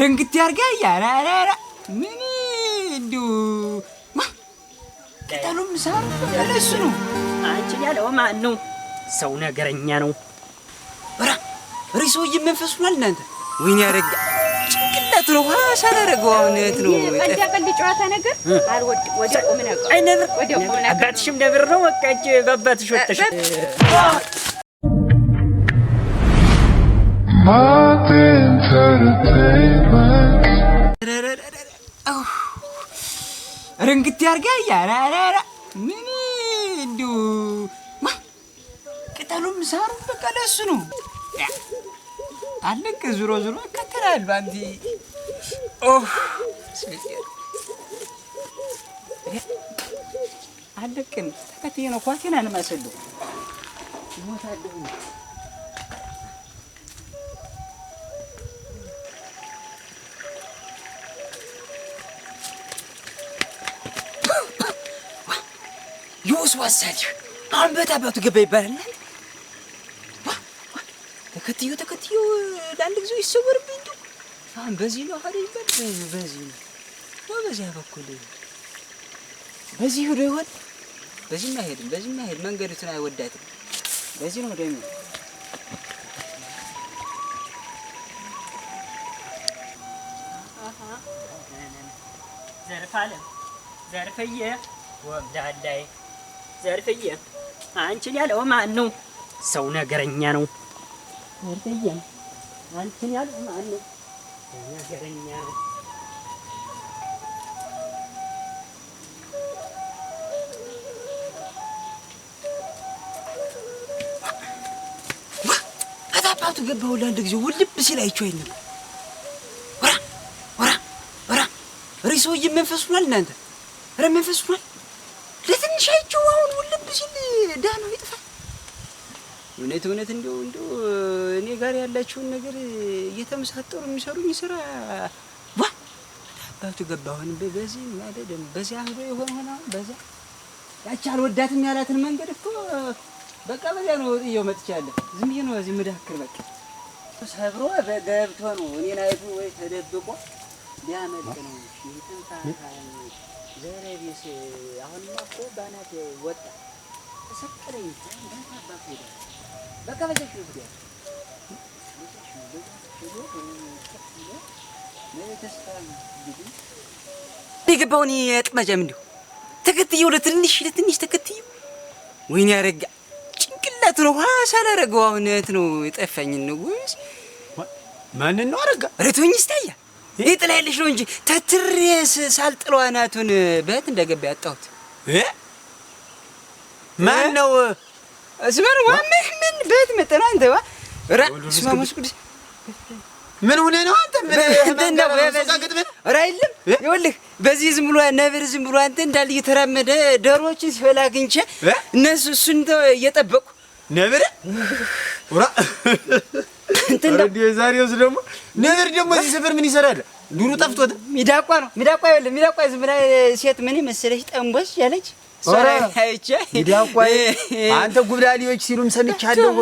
ርንግት ያርጋ ያራራ ምን ዱ ቅጠሉም ሳር ለሱ ነው። አንቺን ያለው ማን ነው? ሰው ነገረኛ ነው። ራ ሪሶ መንፈስ ሆኗል። እናንተ ወይኔ ያረጋ ጭንቅላት ነው ሳላረገው እውነት ነው። እንዳቀል ጨዋታ ነገር አልወድም። ወደ ቁም ነገር አይ ነብር አባትሽም ነብር ነው። በቃ በአባትሽ ወጥተሽ ርንግት ያርጋ ያራራ ምን እንዱ ቅጠሉም ሳሩ በቃ ለሱ ነው። አለቀ ዙሮ ዙሮ ይከተላል። ባንቲ አለቅን ተከትዬ ነው ኳቴን አለማሰሉ ይሞታለሁ ይውስ ወሰድህ። አሁን በታባቱ ገባ ይባላል። ተከትዮ ተከትዮ ለአንድ ጊዜ ይሰወርብኝ እንዲሁ አሁን በዚህ ነው ሀደ ይባል በዚህ ነው ወ በዚያ በኩል በዚህ ሄዶ ይሆን በዚህ አይሄድም። በዚህ አይሄድ መንገዱትን አይወዳትም። በዚህ ነው ደግሞ ዘርፍ አለ ዘርፍዬ ወምዳላይ ዘርፍዬ አንቺን ያለው ማን ነው? ሰው ነገረኛ ነው። ዘርፍዬ አንቺን ያለው ማን ነው? ነገረኛ ነው። አባቱ ገባሁ ለአንድ ጊዜ ውልብ ሲል አይቼው ወራ ወራ ወራ ሪሶ እናንተ ረ መንፈሱናል ለትንሽ አይቼው ዳነው ይጥፋ። እውነት እውነት እንደው እንደው እኔ ጋር ያላችሁን ነገር እየተመሳጠሩ የሚሰሩኝ ስራ ዋ አባቱ ገባሁን በዚህ ማለደም በዚያ አንዱ የሆን ሆነ በዛ ያቺ አልወዳትም ያላትን መንገድ እኮ በቃ በዚያ ነው ጥየው መጥቻለሁ። ዝም ብዬ ነው እዚህ ምዳክር በቃ ሰብሮ በገብቶ ነው እኔን አይቶ ወይ ተደብቆ ሊያመልጥ ነው። ሽንትን ታታ ዘረቢስ አሁን እኮ ባናት ወጣ የገባውን የጥመጃም እንዲሁ ተከትዬ ወደ ትንሽ ለትንሽ ተከትዬ ወይኔ ያረጋ ጭንቅላት ነው ዋሳ ላረገው አሁን ነው የጠፋኝ። ንጉስ ማንን ነው አረጋ ረቶኝ ይታያል። ይህ ጥላ ያለሽ ነው እንጂ ተትሬ ሳልጥሏ ናቱን በት እንደገባ ያጣሁት ማን ነው? እስበር ዋ ምን ምን መጠና አንተ ዋ ራ ስማሙስ ቅዱስ ምን ሆነ ነው አንተ? ምን እንደው ይኸውልህ፣ በዚህ ዝም ብሎ ነብር ዝም ብሎ አንተ እንዳል እየተራመደ ዶሮዎችን ሲበላ አግኝቼ እነሱ እሱን እየጠበቁ ነብር ራ ዛሬውስ ደግሞ ነብር ደግሞ እዚህ ሰፈር ምን ይሰራል? ዱሩ ጠፍቶት ሚዳቋ ነው ሚዳቋ። ይኸውልህ ሚዳቋ ዝም ብላ ሴት ምን መሰለሽ ጠንቦች ያለች አንተ ጉብዳሌዎች ሲሉም ሰምቻለሁ።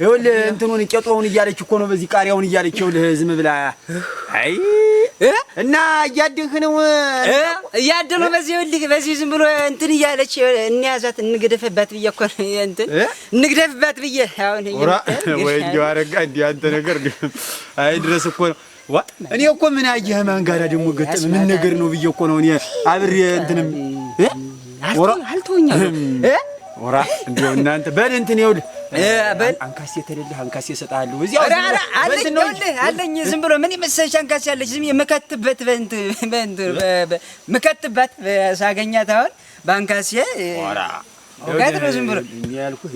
ይኸውልህ እንትኑን ቄጦውን እያለች እኮ ነው በዚህ ቃሪያውን እያለች ይኸውልህ፣ ዝም ብላ አይ እና እያድንህ ነው እያደሉ በዚህ ይኸውልህ፣ በዚህ ዝም ብሎ እንትን እያለች እንያዛት፣ እንግደፍባት ብዬ እኮ እንትን እንግደፍባት ብዬ ወይ እንዲያው አረጋ እንዲህ አንተ ነገር አይ ድረስ እኮ ነው እኔ እኮ ምን አየህ ማን ጋራ ደግሞ ገጠመ ምን ነገር ነው ብዬ እኮ ነው እኔ አብሬ እንትንም አልተወኛል። በል እንትን ይኸውልህ አንካሴ ተደልህ አንካሴ እሰጥሃለሁ። እዚህ አለኝ ዝም ብሎ ምን የመሰለሽ አንካሴ አለች ዝም የምከትበት በእንትን ምከትበት ሳገኛት አሁን በአንካሴ ያልኩህ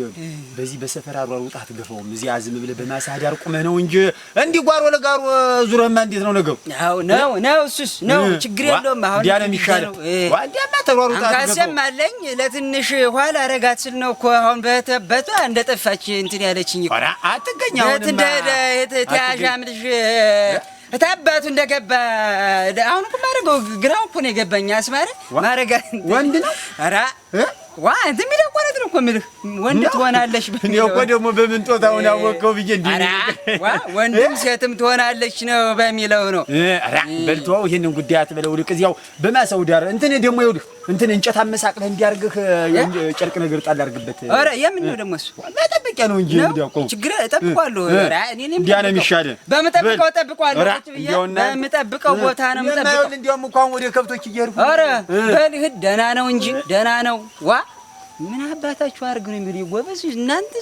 በዚህ በሰፈር አሯሩጣ አትገፋውም። እዚህ አዝም ብለህ በማሳ ዳር ቁመህ ነው እንጂ እንዲህ ጓሮ ለጋሮ ዙረህማ እንዴት ነው ነገሩ? አዎ ነው ነው፣ እሱስ ነው ችግር የለውም። አሁን እንዲያ ነው የሚሻለው። እንዲያማ ተሯሩጣ አትገፋውም አለኝ። ለትንሽ ኋላ አረጋት ስል ነው እኮ አሁን በተበቷ እንደ ጠፋች እንትን ያለችኝ እኮ አትገኝ። አሁን እንደሄደ ተያዣምልሽ እታባቱ እንደገባ አሁን እኮ ማድረገው ግራው እኮ ነው የገባኝ። አስማረ ማድረጋ ወንድ ነው ኧረ ዋ ዝም እኮ ነው እኮ ወንድ ትሆናለሽ። እኔ እኮ ደግሞ በምን ጦታ ብዬ እንዲ ወንድም ሴትም ትሆናለች ነው በሚለው ነው። ይህንን ጉዳይ አትበለው። ልቅ እዚያው በማሳው ዳር እንትን ደግሞ እንትን እንጨት አመሳቅለህ እንዲያርግህ ጨርቅ ነገር ጣል አድርግበት። ኧረ የምን ነው ደግሞ እሱ መጠበቂያ ነው እንጂ እንዲያቆሙ ችግር እጠብቀዋለሁ። እንዲያ ነው የሚሻለው። በምጠብቀው እጠብቀዋለሁ። በምጠብቀው ቦታ ነው የምጠብቀው። እንዲያውም እኮ አሁን ወደ ከብቶች እየሄድኩ ኧረ በልህ ደህና ነው እንጂ ደህና ነው ዋ ምን አባታችሁ አርግ ነው የሚል ይወበስ እናንተ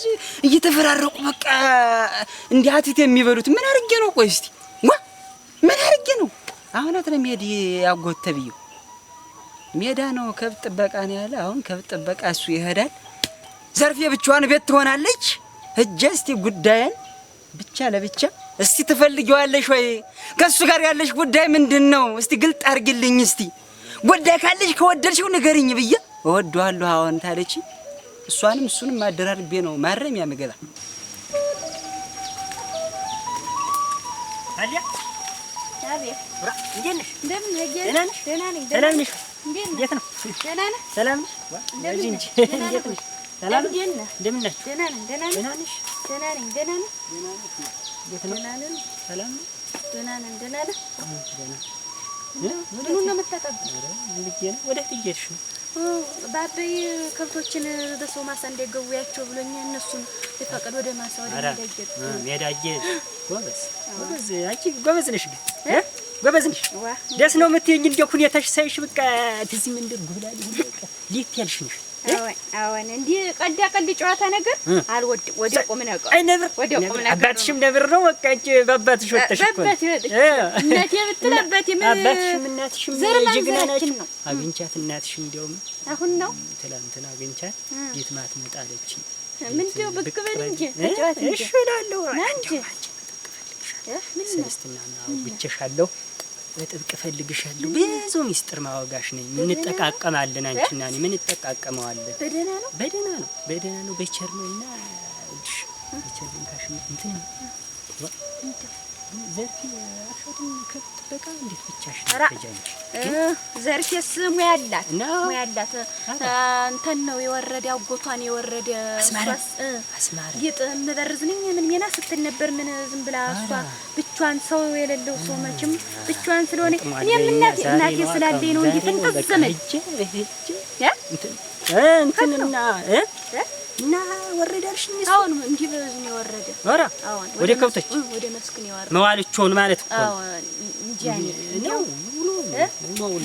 እየተፈራረቁ በቃ እንዲያትት የሚበሉት ምን አርጌ ነው? ቆይ እስቲ ዋ ምን አርጌ ነው? አሁን አትለም ሄድ ያጎተብየው ሜዳ ነው ከብት ጥበቃ ነው ያለ። አሁን ከብት ጥበቃ እሱ ይሄዳል። ዘርፌ ብቻዋን ቤት ትሆናለች። እጄ እስቲ ጉዳይን ብቻ ለብቻ እስቲ ትፈልጊዋለሽ ወይ? ከእሱ ጋር ያለሽ ጉዳይ ምንድን ነው? እስቲ ግልጥ አርግልኝ። እስቲ ጉዳይ ካለሽ ከወደድሽው ንገሪኝ ብዬ እወደዋለሁ አዎን ታለች። እሷንም እሱንም አደራርቤ ነው ማረም ያምገባ ታዲያ ታዲያ እንዴት ነው? ደህና ሰላም ነሽ? ሰላም እንደምን ነሽ? ደህና ነኝ። ደህና ነኝ። ደህና ነሽ? ደህና ነኝ። ደህና ነኝ። ደህና ነኝ። ሰላም ነሽ? ደህና ነኝ። ደህና ነህ? ምኑን ነው የምታጠብቅ? ከብቶችን በሰው ማሳ እንዳይገቡያቸው ብሎኝ እነሱን ሊፈቀድ ወደ ማሳ ወደ ሜዳጌ ሜዳጌ። ጎበዝ ጎበዝ፣ አንቺ ጎበዝ ነሽ ግን ጎበዝ ደስ ነው የምትይኝ። እንደው ሁኔታሽ ሳይሽ በቃ ትዝ ምንድ ጉብላ ሊት ያልሽ ነሽ። አዎን እንዲህ ቀልዳ ቀልድ ጨዋታ ነገር ወደ ቁም ነገር አይ፣ ነብር ወደ ቁም ነገር። አባትሽም ነብር ነው በቃ በአባትሽ ወጥተሽ እኮ እናቴ ብትል ምን አባትሽም እናትሽም አግኝቻት እናትሽ እንዲያውም አሁን ነው ትላንትና አግኝቻት ቤት ብቅ በል እንጂ ተጫዋት እሺ እላለሁ። አንቺ ምን ነው ብቻሻለሁ በጥብቅ እፈልግሻለሁ። ብዙ ሚስጥር ማወጋሽ ነኝ። እንጠቃቀማለን፣ አንቺና እኔ ምን እንጠቃቀመዋለን። በደህና ነው፣ በደህና ነው፣ በደህና ነው። በቸር ነው እና ልሽ በቸር ዘርፌ አሸቱም ከብት እንዴት ብቻሽን ተጃንሽ? ዘርፌ ስሙ ያላት ነው ያላት እንትን ነው የወረደ አጎቷን የወረደ አስማራስ አስማራ ይጥ ነኝ ምን ሜና ስትል ነበር። ምን ዝም ብላ እሷ ብቻዋን ሰው የሌለው ሰው መቼም ብቻዋን ስለሆነ እኔም እናቴ እናቴ ስላለኝ ነው እንዴት እንተዘመች እህ እንትን እና እና ወረዳሽ ነው። አሁን እንዲህ በብዙ ነው የወረደ። ኧረ አሁን ወደ ከብቶች ወደ መስክ ነው የወረደ መዋልቾን ማለት እኮ አሁን እንጂ ነው ሙሉ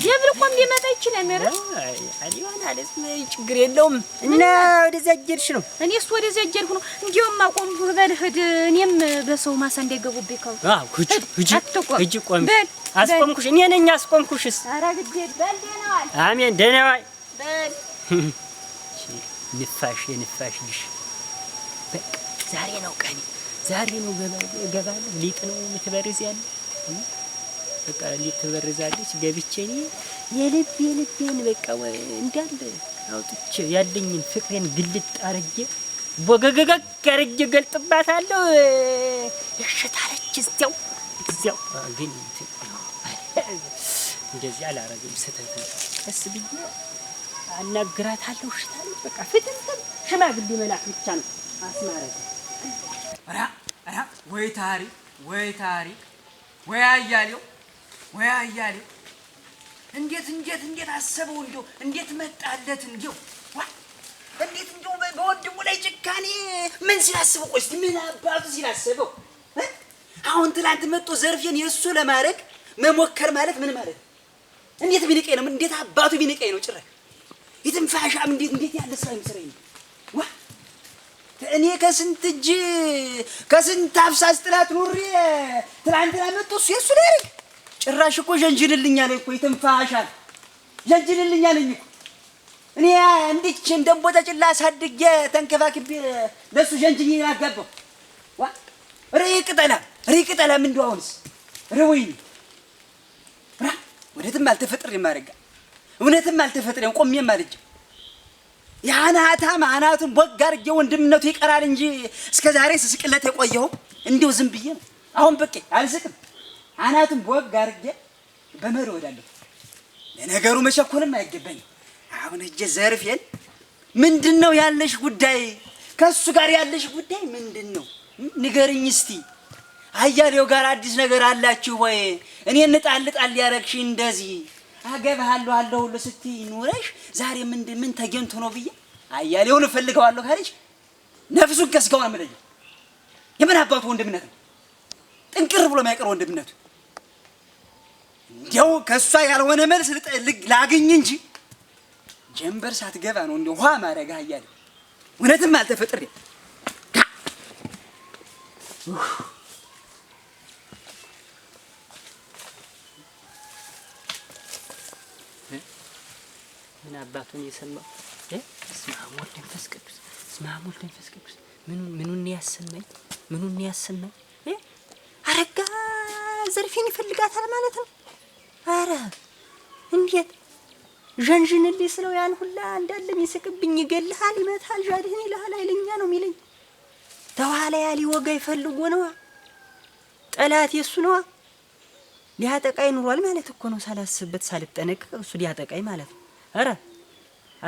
እኮ እንዲመጣ ይችላል። ኧረ አይ ይሆናል። ችግር የለውም። እና ወደዚያ እጀድሽ ነው። እኔ እሱ ወደዚያ እጀድኩ ነው። እንዲያውም አቆም በል ሂድ። እኔም በሰው ማሳ እንዳይገቡብኝ ከብቶ ሂጂ ሂጂ። ቆም በል አስቆምኩሽ። እኔ ነኝ አስቆምኩሽስ። ኧረ ግድ በል ደህና ዋል። አሜን ደህና ዋል በል ንፋሽ የንፋሽ ልሽ በቃ ዛሬ ነው ቀኔ፣ ዛሬ ነው እገባለሁ። ሊጥ ነው የምትበርዝ ያለ በቃ ሊጥ ትበርዛለች። ገብቼ እኔ የልብ የልቤን በቃ እንዳለ አውጥቼ ያለኝን ፍቅሬን ግልጥ አርጌ ቦገገገግ አርጌ ገልጥባታለሁ። ያሸታለች እዚያው እዚያው ግን እንደዚህ አላረግም። ስተት ነው ቀስ ብዬ አናግራታለሁ። ሽታል በቃ ፍትፍት ሽማግሌ መላክ ብቻ ነው አስማረግ። ኧረ ኧረ ወይ ታሪክ ወይ ታሪክ ወይ አያሌው ወይ አያሌው እንዴት እንዴት እንዴት አሰበው እንዴው እንዴት መጣለት እንዴው ዋ እንዴት እንዴው በወንድሙ ላይ ጭካኔ ምን ሲላስበው ቆይ ምን አባቱ ሲላስበው አሁን ትላንት መጥቶ ዘርፌን የእሱ ለማድረግ መሞከር ማለት ምን ማለት እንዴት ቢንቀኝ ነው? እንዴት አባቱ ቢንቀኝ ነው ጭራሽ የትንፋሻም እንዴት እንዴት ያለ ስራ የሚሰራ ዋ እኔ ከስንት እጅ ከስንት አፍሳስ ጥላት ኑሬ ትላንትና መጥቶ እሱ የሱ ሊያደርግ ጭራሽ እኮ ዠንጅንልኛል እኮ የትንፋሻል ዠንጅንልኛል እኮ እኔ እንድች እንደቦታ ጭላ አሳድጌ ተንከባክቤ ለእሱ ዠንጅኝ ያጋባው ርኢ ቅጠላ ርኢ ቅጠላ ምንዱ አሁንስ ርውይ ወደትም አልተፈጥር የማደርጋ እውነትም አልተፈጥረም ቆሜም አልጅ የአናታም አናቱን ቦግ አድርጌ ወንድምነቱ ይቀራል እንጂ እስከ ዛሬ ስስቅለት የቆየው እንዲው ዝም ብዬ ነው። አሁን በቄ አልስቅም። አናቱን ቦግ አድርጌ በመሪ ወዳለሁ። ለነገሩ መቸኮልም አይገባኝ አሁን እጀ ዘርፌን ምንድን ነው ያለሽ ጉዳይ? ከእሱ ጋር ያለሽ ጉዳይ ምንድን ነው? ንገርኝ እስቲ። አያሌው ጋር አዲስ ነገር አላችሁ ወይ? እኔ እንጣልጣል ያረግሽ እንደዚህ አገባሃለሁ አለሁ ሁሉ ስትይ ኑረሽ ዛሬ ምን ምን ተገኝቶ ነው ብዬ አያሌውን እፈልገዋለሁ ካለሽ ነፍሱን ከስጋው ነው የምለየው። የምን አባቱ ወንድምነት ነው? ጥንቅር ብሎ የማይቀር ወንድምነቱ። እንዲያው ከእሷ ያልሆነ መልስ ላግኝ እንጂ ጀንበር ሳትገባ ነው እንዲ ውሃ ማረጋ አያሌው እውነትም አልተፈጥሬ ምን አባቱን የሰማው እስመ አብ ወልድ መንፈስ ቅዱስ፣ እስመ አብ ወልድ መንፈስ ቅዱስ። ምኑን ያሰናኝ ምኑን ያሰናኝ። አረጋ ዘርፌን ይፈልጋታል ማለት ነው። አረ እንዴት ዣንዥንልኝ ስለው ያን ሁላ እንዳለም ይስቅብኝ፣ ይገልሃል፣ ይመታል፣ ዣድህን ይልሃል፣ ኃይለኛ ነው የሚለኝ ተኋላ ያሊ ወጋ ይፈልጎ ነዋ። ጠላት የሱ ነዋ። ሊያጠቃይ ኑሯል ማለት እኮ ነው። ሳላስብበት ሳልጠነቅ እሱ ሊያጠቃይ ማለት ነው። አረ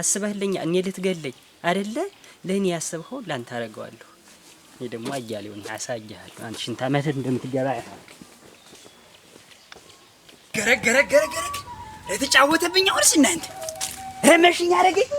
አስበህልኝ እኔ ልትገለኝ አይደለ? ለእኔ ያሰብኸው ላንተ አደርገዋለሁ። እኔ ደግሞ አያሌውን አሳያለሁ። አንተ ሽንት ዓመትህ እንደምትገባ ገረግ ገረግ ገረግ ገረግ ለተጫወተብኝ አሁንስ እናንተ ረመሽኝ አደረገኝ።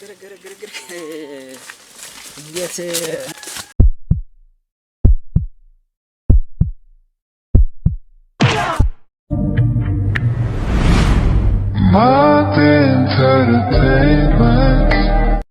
እንዴት